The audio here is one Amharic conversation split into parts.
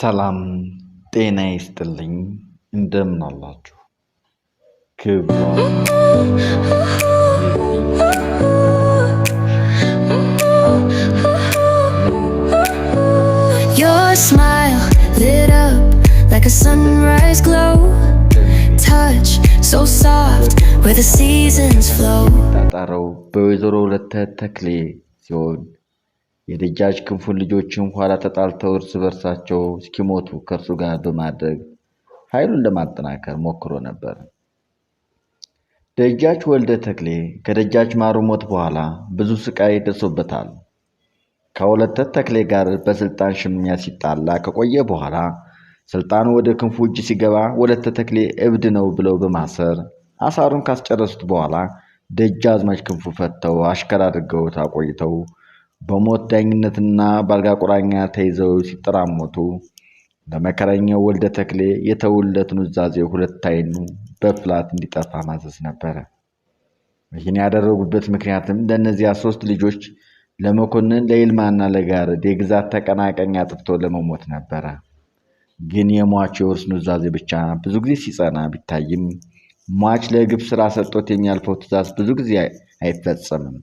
ሰላም ጤና ይስጥልኝ እንደምን አላችሁ Your smile lit up like a sunrise glow touch so soft where the seasons flow በወይዘሮ ተክሌ ሲሆን የደጃች ክንፉን ልጆችም ኋላ ተጣልተው እርስ በርሳቸው እስኪሞቱ ከእርሱ ጋር በማድረግ ኃይሉን ለማጠናከር ሞክሮ ነበር። ደጃች ወልደ ተክሌ ከደጃች ማሩ ሞት በኋላ ብዙ ስቃይ ደርሶበታል። ከወለተ ተክሌ ጋር በስልጣን ሽሚያ ሲጣላ ከቆየ በኋላ ስልጣኑ ወደ ክንፉ እጅ ሲገባ ወለተ ተክሌ እብድ ነው ብለው በማሰር አሳሩን ካስጨረሱት በኋላ ደጃዝማች ክንፉ ፈተው አሽከር አድርገውት አቆይተው በሞት ዳኝነትና በአልጋ ቁራኛ ተይዘው ሲጠራሞቱ ለመከረኛው ወልደ ተክሌ የተውለት ኑዛዜ ሁለት አይኑ በፍላት እንዲጠፋ ማዘዝ ነበረ። ይህን ያደረጉበት ምክንያትም ለእነዚያ ሶስት ልጆች ለመኮንን ለይልማና ለጋርድ የግዛት ተቀናቃኝ አጥፍቶ ለመሞት ነበረ። ግን የሟቹ የውርስ ኑዛዜ ብቻ ብዙ ጊዜ ሲጸና ቢታይም ሟች ለግብ ስራ ሰጦት የሚያልፈው ትእዛዝ ብዙ ጊዜ አይፈጸምም።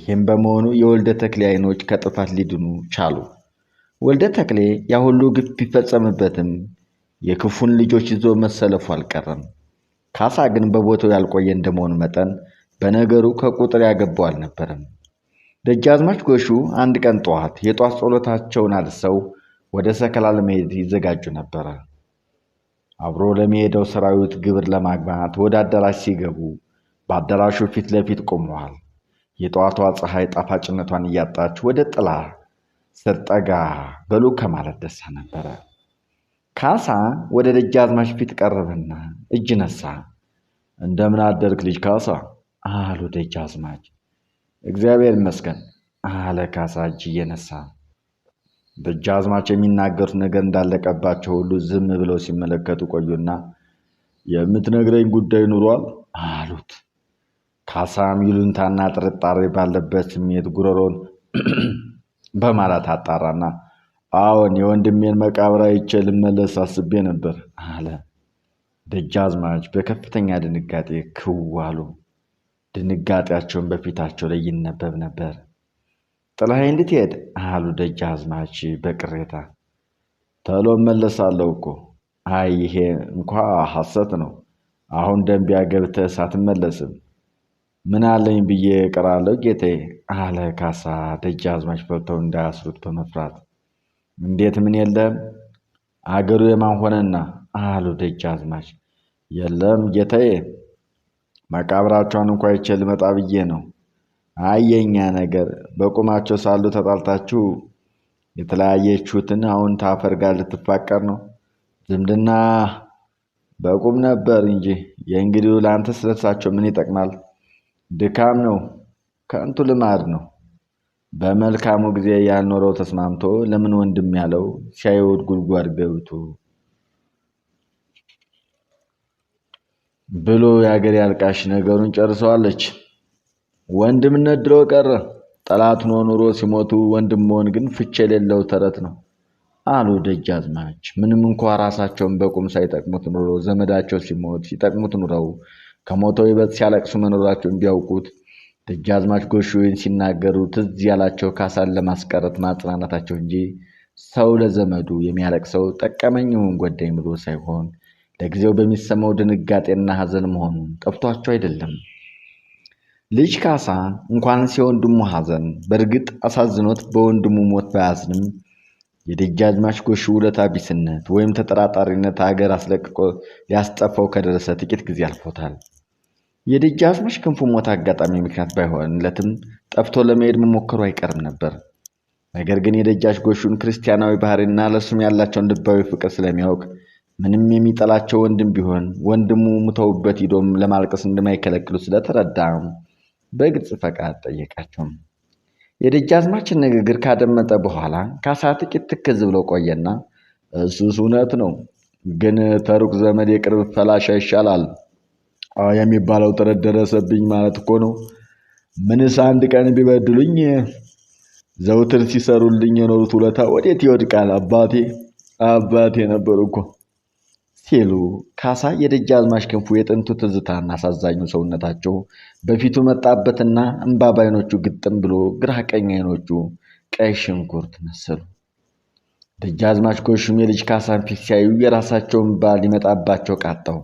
ይህም በመሆኑ የወልደ ተክሌ አይኖች ከጥፋት ሊድኑ ቻሉ። ወልደ ተክሌ ያ ሁሉ ግፍ ቢፈጸምበትም የክፉን ልጆች ይዞ መሰለፉ አልቀረም። ካሳ ግን በቦታው ያልቆየ እንደመሆኑ መጠን በነገሩ ከቁጥር ያገባው አልነበረም። ደጃዝማች ጎሹ አንድ ቀን ጠዋት የጧት ጸሎታቸውን አድርሰው ወደ ሰከላ ለመሄድ ይዘጋጁ ነበረ። አብሮ ለሚሄደው ሰራዊት ግብር ለማግባት ወደ አዳራሽ ሲገቡ በአዳራሹ ፊት ለፊት ቆመዋል። የጠዋቷ ፀሐይ ጣፋጭነቷን እያጣች ወደ ጥላ ስርጠጋ በሉ ከማለት ደሳ ነበረ። ካሳ ወደ ደጃዝማች ፊት ቀረበና እጅ ነሳ። እንደምን አደርክ ልጅ ካሳ አሉ ደጃዝማች። እግዚአብሔር ይመስገን አለ ካሳ እጅ እየነሳ። ደጃዝማች የሚናገሩት ነገር እንዳለቀባቸው ሁሉ ዝም ብለው ሲመለከቱ ቆዩና የምትነግረኝ ጉዳይ ኑሯል አሉት። ካሳም ይሉንታና ጥርጣሬ ባለበት ስሜት ጉሮሮን በማለት አጣራና አዎን የወንድሜን መቃብር አይቼ ልመለስ አስቤ ነበር አለ። ደጃዝማች በከፍተኛ ድንጋጤ ክዋሉ ድንጋጤያቸውን በፊታቸው ላይ ይነበብ ነበር። ጥላዬ እንድትሄድ አሉ ደጃዝማች በቅሬታ። ተሎ እመለሳለሁ እኮ። አይ ይሄ እንኳ ሐሰት ነው። አሁን ደንቢያ ገብተህ ሳትመለስም ምን አለኝ ብዬ እቀራለሁ ጌቴ አለ ካሳ ደጃዝማች ፈርተው እንዳያስሩት በመፍራት እንዴት ምን የለም አገሩ የማን ሆነና አሉ ደጃዝማች የለም ጌታዬ መቃብራቸውን እንኳ ይቼ ልመጣ ብዬ ነው አየኛ ነገር በቁማቸው ሳሉ ተጣልታችሁ የተለያየችሁትን አሁን ታፈር ጋር ልትፋቀር ነው ዝምድና በቁም ነበር እንጂ የእንግዲሁ ለአንተ ለእርሳቸው ምን ይጠቅማል ድካም ነው፣ ከንቱ ልማድ ነው። በመልካሙ ጊዜ ያልኖረው ተስማምቶ ለምን ወንድም ያለው ሻይወድ ጉድጓድ ገብቶ ብሎ የአገር ያልቃሽ ነገሩን ጨርሰዋለች። ወንድምነት ድሮ ቀረ ጠላት ሆኖ ኑሮ ሲሞቱ ወንድም መሆን ግን ፍቼ የሌለው ተረት ነው አሉ ደጃዝማች። ምንም እንኳ ራሳቸውን በቁም ሳይጠቅሙት ኑሮ ዘመዳቸው ሲሞት ሲጠቅሙት ኑረው ከሞተው ይበልጥ ሲያለቅሱ መኖራቸውን ቢያውቁት ደጃዝማች ጎሹን ሲናገሩ ትዝ ያላቸው ካሳን ለማስቀረት ማጽናናታቸው እንጂ ሰው ለዘመዱ የሚያለቅሰው ጠቀመኝውን ጎዳኝ ብሎ ሳይሆን ለጊዜው በሚሰማው ድንጋጤና ሐዘን መሆኑን ጠፍቷቸው አይደለም። ልጅ ካሳ እንኳንስ የወንድሙ ሐዘን በእርግጥ አሳዝኖት በወንድሙ ሞት ባያዝንም የደጃዝማች ጎሹ ውለታ ቢስነት ወይም ተጠራጣሪነት ሀገር አስለቅቆ ሊያስጠፋው ከደረሰ ጥቂት ጊዜ አልፎታል። የደጃዝማች ክንፉ ሞት አጋጣሚ ምክንያት ባይሆንለትም ጠፍቶ ለመሄድ መሞከሩ አይቀርም ነበር። ነገር ግን የደጃች ጎሹን ክርስቲያናዊ ባህሪና ለእሱም ያላቸውን ልባዊ ፍቅር ስለሚያውቅ ምንም የሚጠላቸው ወንድም ቢሆን ወንድሙ ሙተውበት ሂዶም ለማልቀስ እንደማይከለክሉ ስለተረዳ በግልጽ ፈቃድ ጠየቃቸው። የደጃዝማችን ንግግር ካደመጠ በኋላ ካሳ ጥቂት ትክዝ ብሎ ቆየና እሱስ እውነት ነው፣ ግን ተሩቅ ዘመድ የቅርብ ፈላሻ ይሻላል የሚባለው ጥረት ደረሰብኝ ማለት እኮ ነው። ምንስ አንድ ቀን ቢበድሉኝ ዘውትር ሲሰሩልኝ የኖሩት ውለታ ወዴት ይወድቃል? አባቴ አባቴ ነበር እኮ ሲሉ ካሳ የደጃዝማች ክንፉ የጥንቱ ትዝታና አሳዛኙ ሰውነታቸው በፊቱ መጣበትና እምባ ባይኖቹ ግጥም ብሎ ግራ ቀኝ አይኖቹ ቀይ ሽንኩርት መሰሉ። ደጃዝማች ጎሹም የልጅ ካሳን ፊት ሲያዩ የራሳቸውን ባል ሊመጣባቸው ቃጣው።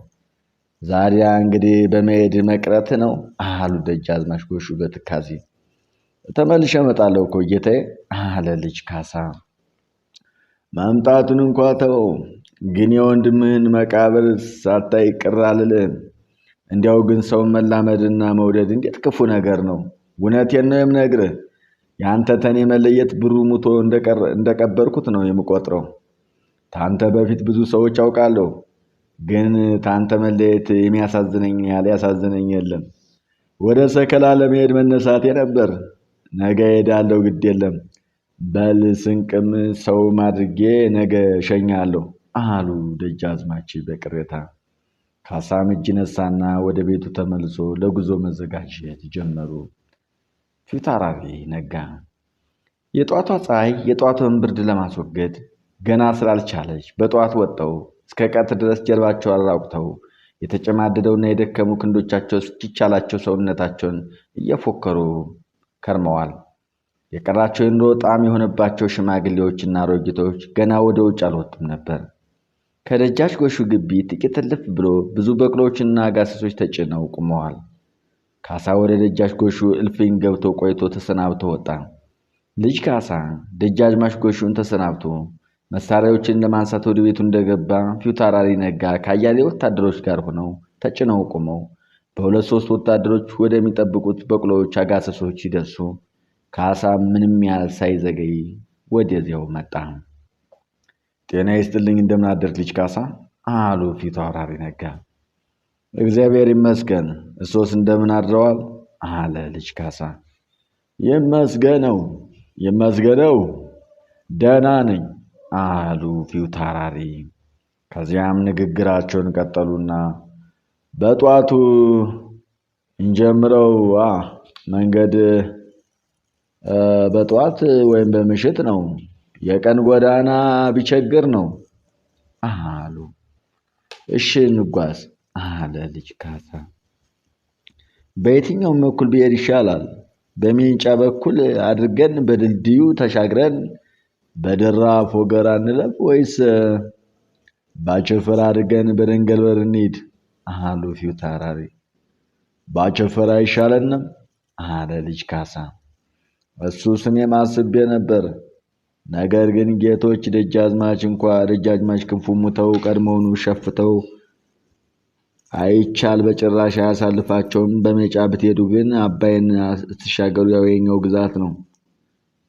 ዛሬያ እንግዲህ በመሄድ መቅረት ነው አሉ ደጃዝማች ጎሹ በትካዜ። ተመልሼ እመጣለሁ እኮ ጌታዬ አለ ልጅ ካሳ። ማምጣቱን እንኳ ተወው፣ ግን የወንድምህን መቃብር ሳታይ ቅር አልልህም። እንዲያው ግን ሰውን መላመድና መውደድ እንዴት ክፉ ነገር ነው! እውነቴን ነው የምነግርህ። የአንተ ተኔ መለየት ብሩ ሙቶ እንደቀበርኩት ነው የምቆጥረው። ታንተ በፊት ብዙ ሰዎች አውቃለሁ ግን ታንተ መለየት የሚያሳዝነኝ ያለ ያሳዝነኝ የለም። ወደ ሰከላ ለመሄድ መነሳቴ ነበር። ነገ ሄዳለው፣ ግድ የለም በል ስንቅም ሰው አድርጌ ነገ ሸኛለሁ አሉ ደጃዝማች በቅሬታ። ካሳም እጅ ነሳና ወደ ቤቱ ተመልሶ ለጉዞ መዘጋጀት ጀመሩ። ፊታውራሪ ነጋ። የጠዋቷ ፀሐይ የጠዋቷን ብርድ ለማስወገድ ገና ስላልቻለች በጠዋት ወጣው እስከ ቀትር ድረስ ጀርባቸው አራቁተው የተጨማደደውና የደከሙ ክንዶቻቸው እስኪቻላቸው ሰውነታቸውን እየፎከሩ ከርመዋል። የቀራቸው የኑሮ ጣዕም የሆነባቸው ሽማግሌዎችና አሮጊቶች ገና ወደ ውጭ አልወጡም ነበር። ከደጃች ጎሹ ግቢ ጥቂት እልፍ ብሎ ብዙ በቅሎዎችና አጋሰሶች ተጭነው ቁመዋል። ካሳ ወደ ደጃች ጎሹ እልፍኝ ገብቶ ቆይቶ ተሰናብቶ ወጣ። ልጅ ካሳ ደጃዝማች ጎሹን ተሰናብቶ መሳሪያዎችን ለማንሳት ወደ ቤቱ እንደገባ ፊታውራሪ ነጋ ከአያሌ ወታደሮች ጋር ሆነው ተጭነው ቆመው በሁለት ሶስት ወታደሮች ወደሚጠብቁት በቅሎዎች አጋሰሶች ሲደርሱ ካሳ ምንም ያህል ሳይዘገይ ወደዚያው መጣ። ጤና ይስጥልኝ፣ እንደምን አደርክ ልጅ ካሳ አሉ ፊታውራሪ ነጋ። እግዚአብሔር ይመስገን፣ እሶስ እንደምን አድረዋል አለ ልጅ ካሳ። ይመስገነው ይመስገነው፣ ደህና ነኝ አሉ ፊውታራሪ ከዚያም ንግግራቸውን ቀጠሉና በጧቱ እንጀምረው መንገድ በጠዋት ወይም በምሽት ነው። የቀን ጎዳና ቢቸግር ነው አሉ። እሺ እንጓዝ አለ ልጅ ካሳ። በየትኛውም በኩል ብሄድ ይሻላል? በሚንጫ በኩል አድርገን በድልድዩ ተሻግረን በደራ ፎገራ እንለፍ ወይስ ባቸፈር አድርገን በደንገል በር እንሂድ አሉ ፊት አራሪ። ባቸፈር አይሻለንም አለ ልጅ ካሳ። እሱ እኔም አስቤ ነበር። ነገር ግን ጌቶች ደጃዝማች እንኳ ደጃዝማች ክንፉ ሙተው ቀድሞውኑ ሸፍተው አይቻል በጭራሽ አያሳልፋቸውም። በመጫ ብትሄዱ ግን አባይን ስትሻገሩ ያው የኛው ግዛት ነው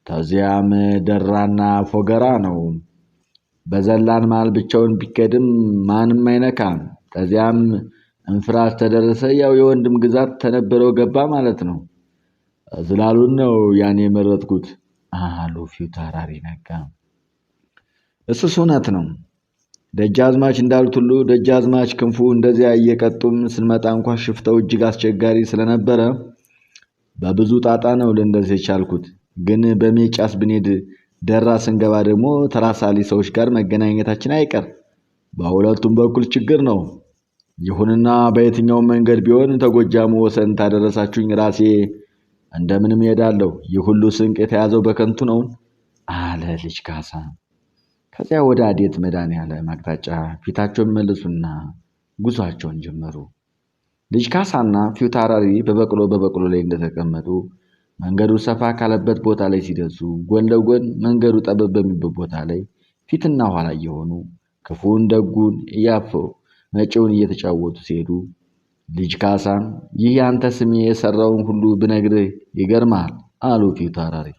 ከዚያም ደራና ፎገራ ነው። በዘላን መሃል ብቻውን ቢከድም ማንም አይነካም። ከዚያም እንፍራስ ተደረሰ። ያው የወንድም ግዛት ተነበረው ገባ ማለት ነው። ዝላሉን ነው ያኔ የመረጥኩት አሉ ፊታውራሪ ነጋ። እሱስ እውነት ነው። ደጃዝማች እንዳሉት ሁሉ ደጃዝማች ክንፉ እንደዚያ እየቀጡም ስንመጣ እንኳ ሽፍተው እጅግ አስቸጋሪ ስለነበረ በብዙ ጣጣ ነው ልንደርስ የቻልኩት። ግን በሜጫስ ብንሄድ ደራ ስንገባ ደግሞ ተራሳሊ ሰዎች ጋር መገናኘታችን አይቀር። በሁለቱም በኩል ችግር ነው። ይሁንና በየትኛው መንገድ ቢሆን ተጎጃሙ ወሰን ታደረሳችሁኝ ራሴ እንደምንም እሄዳለሁ። ይህ ሁሉ ስንቅ የተያዘው በከንቱ ነው አለ ልጅ ካሳ። ከዚያ ወደ አዴት ያለ አቅጣጫ ፊታቸውን መልሱና ጉዟቸውን ጀመሩ። ልጅ ካሳና ፊታውራሪ በበቅሎ በበቅሎ ላይ እንደተቀመጡ መንገዱ ሰፋ ካለበት ቦታ ላይ ሲደርሱ ጎን ለጎን መንገዱ ጠበብ በሚበት ቦታ ላይ ፊትና ኋላ እየሆኑ ክፉን ደጉን እያፈው መጪውን እየተጫወቱ ሲሄዱ ልጅ ካሳም ይህ ያንተ ስሜ የሰራውን ሁሉ ብነግርህ ይገርማል አሉ ፊቱ አውራሪ።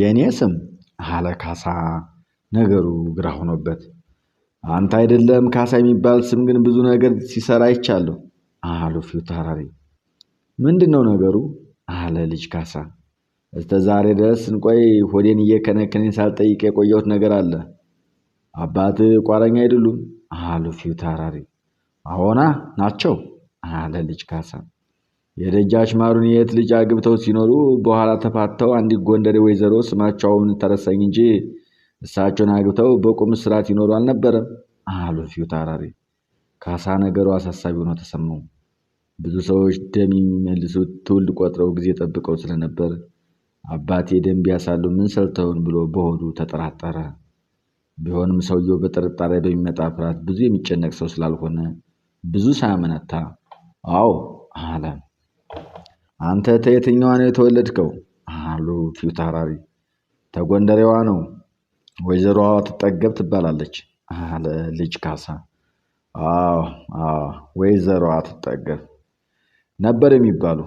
የእኔ ስም አለ ካሳ። ነገሩ ግራ ሆኖበት አንተ አይደለም ካሳ የሚባል ስም ግን ብዙ ነገር ሲሰራ አይቻለሁ አሉ ፊቱ አውራሪ። ምንድን ነው ነገሩ አለ ልጅ ካሳ። እስከ ዛሬ ድረስ እንቆይ ሆዴን እየከነከነኝ ሳልጠይቅ የቆየሁት ነገር አለ። አባት ቋረኛ አይደሉም አሉ ፊው ታራሪ። አዎና ናቸው አለ ልጅ ካሳ። የደጃች ማሩን የት ልጅ አግብተው ሲኖሩ በኋላ ተፋተው አንዲት ጎንደሬ ወይዘሮ ስማቸውን ተረሳኝ እንጂ እሳቸውን አግብተው በቁም ስርዓት ይኖሩ አልነበረም አሉ ፊው ታራሪ። ካሳ ነገሩ አሳሳቢ ሆኖ ተሰማው። ብዙ ሰዎች ደም የሚመልሱት ትውልድ ቆጥረው ጊዜ ጠብቀው ስለነበር አባቴ ደም ቢያሳሉ ምን ሰርተውን ብሎ በሆዱ ተጠራጠረ። ቢሆንም ሰውየው በጥርጣሬ በሚመጣ ፍርሃት ብዙ የሚጨነቅ ሰው ስላልሆነ ብዙ ሳያመነታ አዎ አለ። አንተ ተየትኛዋ ነው የተወለድከው? አሉ ፊታውራሪ። ተጎንደሬዋ ነው። ወይዘሮዋ ትጠገብ ትባላለች አለ ልጅ ካሳ። አዎ ወይዘሮዋ ትጠገብ ነበር የሚባሉ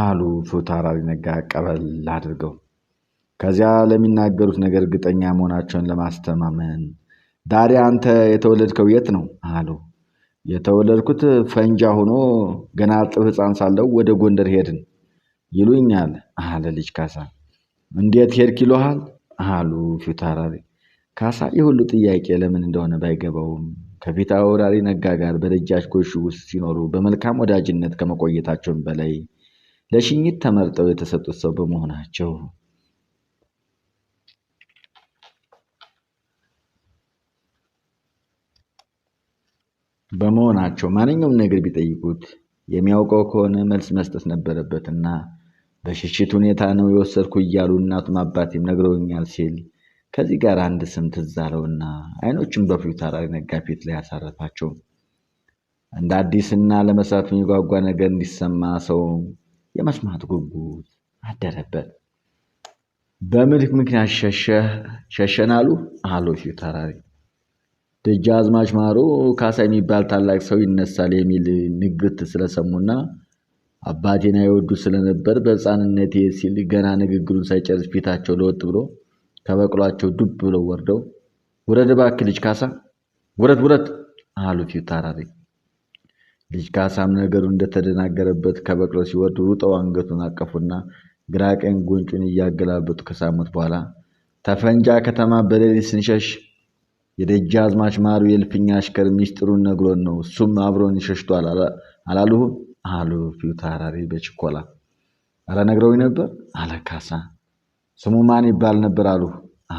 አሉ ፉታራሪ ነጋ ቀበል አድርገው። ከዚያ ለሚናገሩት ነገር እርግጠኛ መሆናቸውን ለማስተማመን ዳሪያ አንተ የተወለድከው የት ነው አሉ። የተወለድኩት ፈንጃ ሆኖ ገና ጥብ ሕፃን ሳለው ወደ ጎንደር ሄድን ይሉኛል አለ ልጅ ካሳ። እንዴት ሄድክ ይሉሃል አሉ ፊታውራሪ ካሳ። የሁሉ ጥያቄ ለምን እንደሆነ ባይገባውም ከፊት አውራሪ ነጋ ጋር በደጃች ጎሹ ውስጥ ሲኖሩ በመልካም ወዳጅነት ከመቆየታቸውም በላይ ለሽኝት ተመርጠው የተሰጡት ሰው በመሆናቸው በመሆናቸው ማንኛውም ነገር ቢጠይቁት የሚያውቀው ከሆነ መልስ መስጠት ነበረበትና በሽሽት ሁኔታ ነው የወሰድኩ እያሉ እናቱም አባቴም ነግረውኛል ሲል ከዚህ ጋር አንድ ስም ትዝ አለውና አይኖቹን በፊታው ነጋ ፊት ላይ ያሳረፋቸው። እንደ አዲስና ለመስራት የሚጓጓ ነገር እንዲሰማ ሰው የመስማት ጉጉት አደረበት። በምልክ ምክንያት ሸሸን አሉ አሉ ፊታውራሪ። ደጃዝማች ማሮ ካሳ የሚባል ታላቅ ሰው ይነሳል የሚል ንግት ስለሰሙና አባቴን አይወዱ ስለነበር በሕፃንነቴ ሲል ገና ንግግሩን ሳይጨርስ ፊታቸው ለወጥ ብሎ ከበቅሏቸው ዱብ ብለው ወርደው ውረድ እባክህ ልጅ ካሳ ውረድ ውረድ አሉ ፊት ታራሪ። ልጅ ካሳም ነገሩ እንደተደናገረበት ከበቅሎ ሲወርድ ሩጠው አንገቱን አቀፉና ግራ ቀኝ ጉንጩን እያገላበጡ ከሳሙት በኋላ ተፈንጃ ከተማ በሌሊት ስንሸሽ አዝማች ማሩ የእልፍኛ አሽከር ሚስጥሩን ነግሮን ነው እሱም አብሮን ይሸሽቷል አላሉሁም አሉ ፊት ታራሪ በችኮላ። አረ ነግረውኝ ነበር አለ ካሳ። ስሙ ማን ይባል ነበር አሉ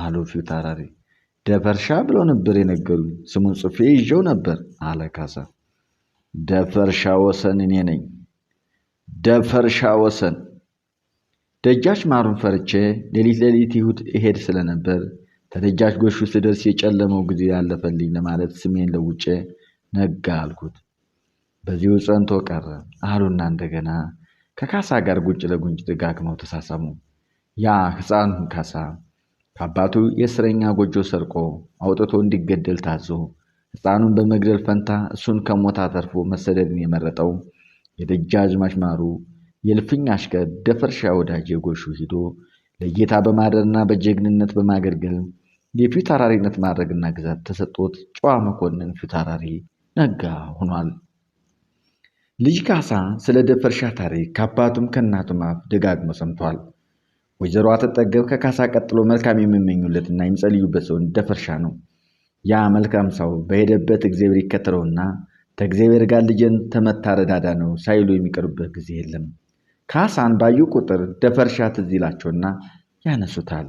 አሉ ፊት አራሪ ደፈርሻ ብለው ነበር የነገሩኝ። ስሙን ጽፌ ይዤው ነበር አለ ካሳ። ደፈርሻ ወሰን እኔ ነኝ። ደፈርሻ ወሰን ደጃች ማሩን ፈርቼ ሌሊት ሌሊት ይሁድ እሄድ ስለነበር ተደጃች ጎሹ ስደርስ የጨለመው ጊዜ ያለፈልኝ ለማለት ስሜን ለውጬ ነጋ አልኩት። በዚሁ ጸንቶ ቀረ አሉና እንደገና ከካሳ ጋር ጉንጭ ለጉንጭ ደጋግመው ተሳሳሙ። ያ ሕፃን ካሳ ከአባቱ የእስረኛ ጎጆ ሰርቆ አውጥቶ እንዲገደል ታዞ ሕፃኑን በመግደል ፈንታ እሱን ከሞት አተርፎ መሰደድን የመረጠው የደጃዝማች ማሩ የልፍኝ አሽከር ደፈርሻ ወዳጅ ጎሹ ሂዶ ለጌታ በማደርና በጀግንነት በማገልገል የፊት አራሪነት ማድረግና ግዛት ተሰጦት ጨዋ መኮንን ፊት አራሪ ነጋ ሆኗል። ልጅ ካሳ ስለ ደፈርሻ ታሪክ ከአባቱም ከእናቱም አፍ ደጋግሞ ሰምቷል። ወይዘሮ አትጠገብ ከካሳ ቀጥሎ መልካም የሚመኙለትና የሚጸልዩበት ሰው እንደፈርሻ ነው። ያ መልካም ሰው በሄደበት እግዚአብሔር ይከተለውና ከእግዚአብሔር ጋር ልጅን ተመታ ረዳዳ ነው ሳይሉ የሚቀርቡበት ጊዜ የለም። ካሳን ባዩ ቁጥር ደፈርሻ ትዝ ይላቸውና ያነሱታል።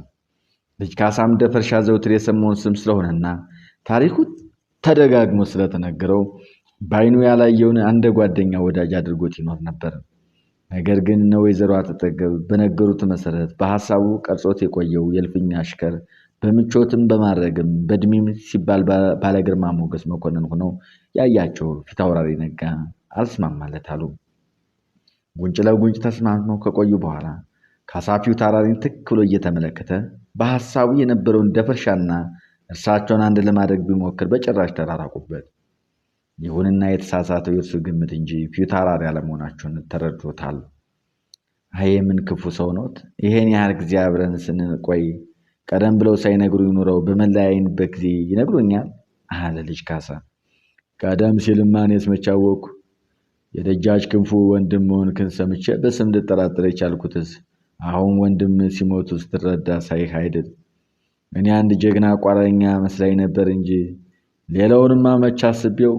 ልጅ ካሳም ደፈርሻ ዘውትር የሰማውን ስም ስለሆነና ታሪኩ ተደጋግሞ ስለተነገረው በዓይኑ ያላየውን እንደ ጓደኛ ወዳጅ አድርጎት ይኖር ነበር። ነገር ግን እነ ወይዘሮ አጠጠገብ በነገሩት መሰረት በሐሳቡ ቀርጾት የቆየው የእልፍኝ አሽከር በምቾትም በማድረግም በእድሜም ሲባል ባለግርማ ሞገስ መኮንን ሆነው ያያቸው ፊት አውራሪ ነጋ አልስማማለት አሉ። ጉንጭ ለጉንጭ ተስማምተው ከቆዩ በኋላ ካሳፊው ታራሪን ትክ ብሎ እየተመለከተ በሐሳቡ የነበረውን ደፈርሻና እርሳቸውን አንድ ለማድረግ ቢሞክር በጭራሽ ተራራቁበት። ይሁንና የተሳሳተው የእርሱ ግምት እንጂ ፊታውራሪ አለመሆናችሁን ተረድቶታል። አይ ምን ክፉ ሰው ኖት! ይሄን ያህል ጊዜ አብረን ስንቆይ ቀደም ብለው ሳይነግሩ ይኑረው በመለያየንበት ጊዜ ይነግሩኛል አለ ልጅ ካሳ። ቀደም ሲልማ እኔስ መቼ አወቅኩ? የደጃች ክንፉ ወንድም መሆንክን ሰምቼ በስም ልጠራጠር የቻልኩትስ አሁን ወንድም ሲሞቱ ስትረዳ ሳይህ አይደል? እኔ አንድ ጀግና ቋረኛ መስላኝ ነበር እንጂ ሌላውንማ መቼ አስቤው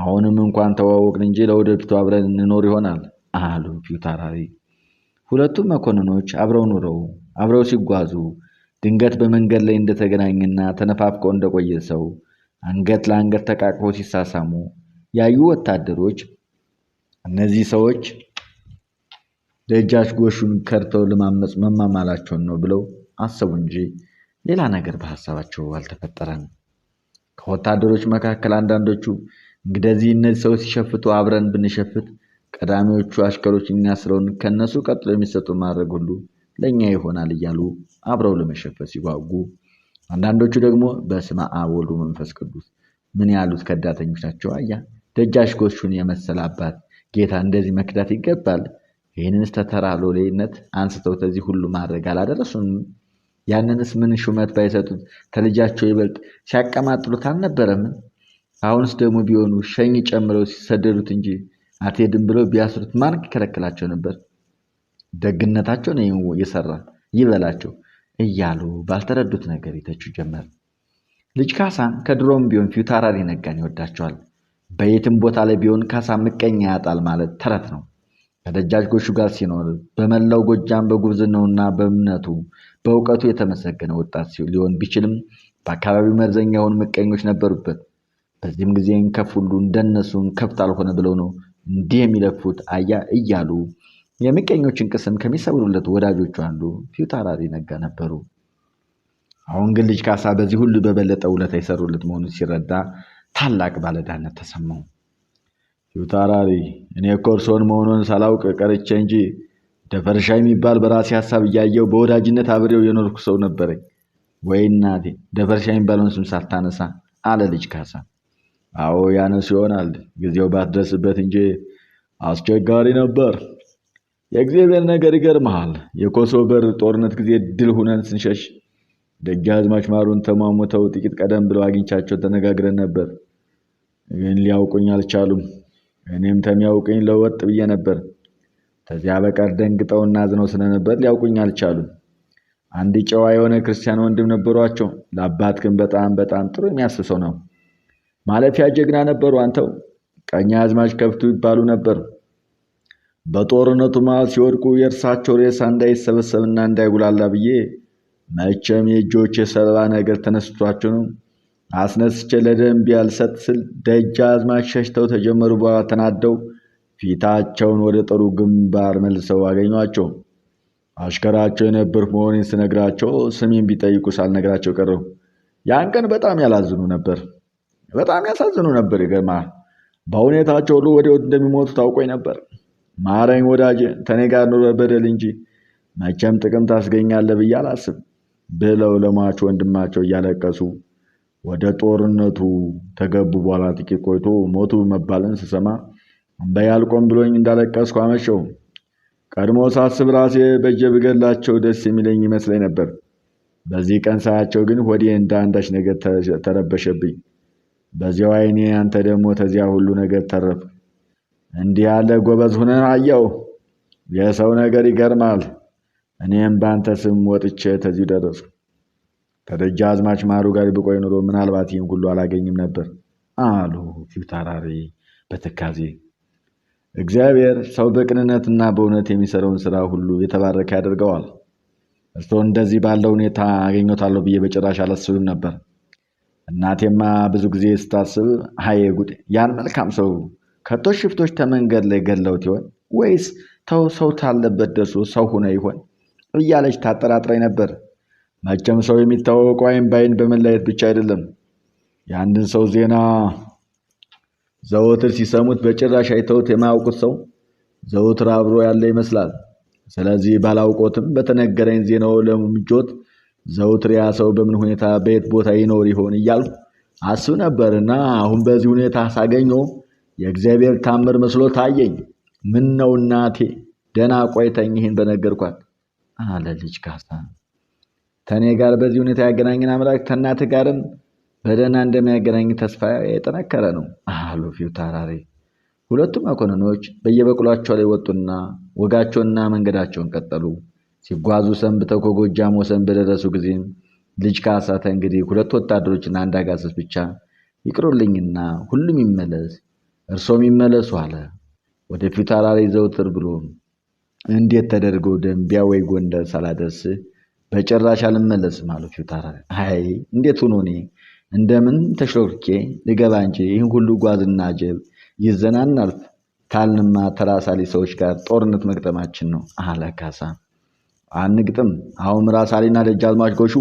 አሁንም እንኳን ተዋወቅን እንጂ ለወደፊቱ አብረን እንኖር ይሆናል አሉ ፒውታራሪ። ሁለቱም መኮንኖች አብረው ኑረው አብረው ሲጓዙ ድንገት በመንገድ ላይ እንደተገናኝና ተነፋፍቀው እንደቆየ ሰው አንገት ለአንገት ተቃቅፎ ሲሳሳሙ ያዩ ወታደሮች እነዚህ ሰዎች ደጃች ጎሹን ከርተው ለማመፅ መማማላቸውን ነው ብለው አሰቡ እንጂ ሌላ ነገር በሀሳባቸው አልተፈጠረም። ከወታደሮች መካከል አንዳንዶቹ እንግዲህ እነዚህ ሰዎች ሲሸፍቱ አብረን ብንሸፍት ቀዳሚዎቹ አሽከሮች እኛ ስለሆን ከእነሱ ቀጥሎ የሚሰጡ ማድረግ ሁሉ ለእኛ ይሆናል እያሉ አብረው ለመሸፈት ሲጓጉ፣ አንዳንዶቹ ደግሞ በስመ አብ መንፈስ ቅዱስ ምን ያሉት ከዳተኞች ናቸው። አያ ደጃሽ ጎሹን የመሰለ አባት ጌታ እንደዚህ መክዳት ይገባል? ይህንንስ ተተራ ሎሌነት አንስተው ተዚህ ሁሉ ማድረግ አላደረሱም? ያንንስ ምን ሹመት ባይሰጡት ተልጃቸው ይበልጥ ሲያቀማጥሉት አልነበረምን? አሁንስ ደግሞ ቢሆኑ ሸኝ ጨምረው ሲሰደዱት እንጂ አትሄድም ብለው ቢያስሩት ማን ይከለክላቸው ነበር? ደግነታቸው ነው የሰራ ይበላቸው እያሉ ባልተረዱት ነገር ይተቹ ጀመር። ልጅ ካሳ ከድሮም ቢሆን ፊታውራሪ ነጋን ይወዳቸዋል። በየትም ቦታ ላይ ቢሆን ካሳ ምቀኛ ያጣል ማለት ተረት ነው። ከደጃጅ ጎሹ ጋር ሲኖር በመላው ጎጃም በጉብዝናውና በእምነቱ በእውቀቱ የተመሰገነ ወጣት ሊሆን ቢችልም በአካባቢው መርዘኛ የሆኑ ምቀኞች ነበሩበት። በዚህም ጊዜ እንከፍ ሁሉ እንደነሱ እንከፍት አልሆነ ብለው ነው እንዲህ የሚለፉት አያ እያሉ የምቀኞችን ቅስም ከሚሰብሩለት ወዳጆቹ አንዱ ፒውታራሪ ነጋ ነበሩ። አሁን ግን ልጅ ካሳ በዚህ ሁሉ በበለጠ ውለታ የሰሩለት መሆኑ ሲረዳ ታላቅ ባለዳነት ተሰማው። ፒውታራሪ እኔ እኮ እርሶን መሆኑን ሳላውቅ ቀርቼ እንጂ ደፈርሻ የሚባል በራሴ ሀሳብ እያየው በወዳጅነት አብሬው የኖርኩ ሰው ነበረኝ። ወይ እናቴ ደፈርሻ የሚባለውን ስም ሳታነሳ አለ ልጅ ካሳ። አዎ ያነሱ ይሆናል ጊዜው ባትደርስበት እንጂ አስቸጋሪ ነበር። የእግዚአብሔር ነገር ይገርመሃል። የኮሶበር ጦርነት ጊዜ ድል ሁነን ስንሸሽ ደጃዝማች ማሩን ተሟሙተው ጥቂት ቀደም ብለው አግኝቻቸው ተነጋግረን ነበር፣ ግን ሊያውቁኝ አልቻሉም። እኔም ተሚያውቁኝ ለወጥ ብዬ ነበር። ከዚያ በቀር ደንግጠውና አዝነው ስለነበር ሊያውቁኝ አልቻሉም። አንድ ጨዋ የሆነ ክርስቲያን ወንድም ነበሯቸው። ለአባት ግን በጣም በጣም ጥሩ የሚያስብ ሰው ነው። ማለፊያ ጀግና ነበሩ። አንተው ቀኛ አዝማች ከብቱ ይባሉ ነበር። በጦርነቱ መሃል ሲወድቁ የእርሳቸው ሬሳ እንዳይሰበሰብና እንዳይጉላላ ብዬ መቼም የእጆች የሰለባ ነገር ተነስቷቸው ነው አስነስቼ ለደንብ ያልሰጥ ስል ደጃ አዝማች ሸሽተው ተጀመሩ። በኋላ ተናደው ፊታቸውን ወደ ጦሩ ግንባር መልሰው አገኟቸው። አሽከራቸው የነበርኩ መሆኔን ስነግራቸው ስሜን ቢጠይቁ ሳልነግራቸው ቀረሁ። ያን ቀን በጣም ያላዝኑ ነበር። በጣም ያሳዝኑ ነበር። ይገርማል። በሁኔታቸው ሁሉ ወዲያው እንደሚሞቱ ታውቆኝ ነበር። ማረኝ ወዳጅ፣ ተኔ ጋር ኑረ በደል እንጂ መቼም ጥቅም ታስገኛለህ ብዬ አላስብ ብለው ለሟች ወንድማቸው እያለቀሱ ወደ ጦርነቱ ተገቡ። በኋላ ጥቂት ቆይቶ ሞቱ መባልን ስሰማ በያልቆም ብሎኝ እንዳለቀስኩ አመሸው። ቀድሞ ሳስብ ራሴ በእጄ ብገላቸው ደስ የሚለኝ ይመስለኝ ነበር። በዚህ ቀን ሳያቸው ግን ሆዴ እንደ አንዳች ነገር ተረበሸብኝ። በዚያው አይኔ አንተ ደግሞ ተዚያ ሁሉ ነገር ተረፍ። እንዲህ ያለ ጎበዝ ሆነ አየው። የሰው ነገር ይገርማል። እኔም በአንተ ስም ወጥቼ ተዚህ ደረሱ። አዝማች ማሩ ጋር ብቆይ ኑሮ ምናልባት ይህም ሁሉ አላገኝም ነበር አሉ ፊታውራሪ በትካዜ። እግዚአብሔር ሰው በቅንነትና በእውነት የሚሰራውን ስራ ሁሉ የተባረከ ያደርገዋል። እርስዎ እንደዚህ ባለው ሁኔታ አገኘታለሁ ብዬ በጭራሽ አላስብም ነበር። እናቴማ ብዙ ጊዜ ስታስብ ሀየ ጉድ ያን መልካም ሰው ከቶ ሽፍቶች ተመንገድ ላይ ገለውት ይሆን ወይስ ተው ሰው ታለበት ደርሶ ሰው ሆነ ይሆን እያለች ታጠራጥረኝ ነበር። መቼም ሰው የሚታወቀው አይን በአይን በመለየት ብቻ አይደለም። የአንድን ሰው ዜና ዘወትር ሲሰሙት በጭራሽ አይተውት የማያውቁት ሰው ዘወትር አብሮ ያለ ይመስላል። ስለዚህ ባላውቆትም በተነገረኝ ዜናው ለምጆት ዘውትር ያ ሰው በምን ሁኔታ በየት ቦታ ይኖር ይሆን እያልኩ አስብ ነበርና አሁን በዚህ ሁኔታ ሳገኘው የእግዚአብሔር ታምር መስሎ ታየኝ። ምን ነው እናቴ ደና ቆይተኝ ይህን በነገርኳት አለ ልጅ ካሳ። ተኔ ጋር በዚህ ሁኔታ ያገናኝን አምላክ ከእናትህ ጋርም በደህና እንደሚያገናኝ ተስፋ የጠነከረ ነው አሉ ፊት አውራሪ። ሁለቱም መኮንኖች በየበቅሏቸው ላይ ወጡና ወጋቸውንና መንገዳቸውን ቀጠሉ። ሲጓዙ ሰንብተው ከጎጃም ወሰን በደረሱ ጊዜም ልጅ ካሳተ እንግዲህ ሁለት ወታደሮችና አንድ አጋሰስ ብቻ ይቅሩልኝና ሁሉም ይመለስ እርሶም ይመለሱ አለ። ወደፊት ይዘው ዘውትር ብሎ እንዴት ተደርጎ ደንቢያ ወይ ጎንደር ሳላደርስ በጭራሽ አልመለስም አሉ ፊታራ። አይ እንዴት ሆኖ እኔ እንደምን ተሽሎኬ ልገባ እንጂ ይህን ሁሉ ጓዝና ጀብ ይዘናናል ታልንማ ተራሳሊ ሰዎች ጋር ጦርነት መግጠማችን ነው አለ ካሳ። አንግጥም አሁን ራስ አሌና ደጃዝማች ጎሹ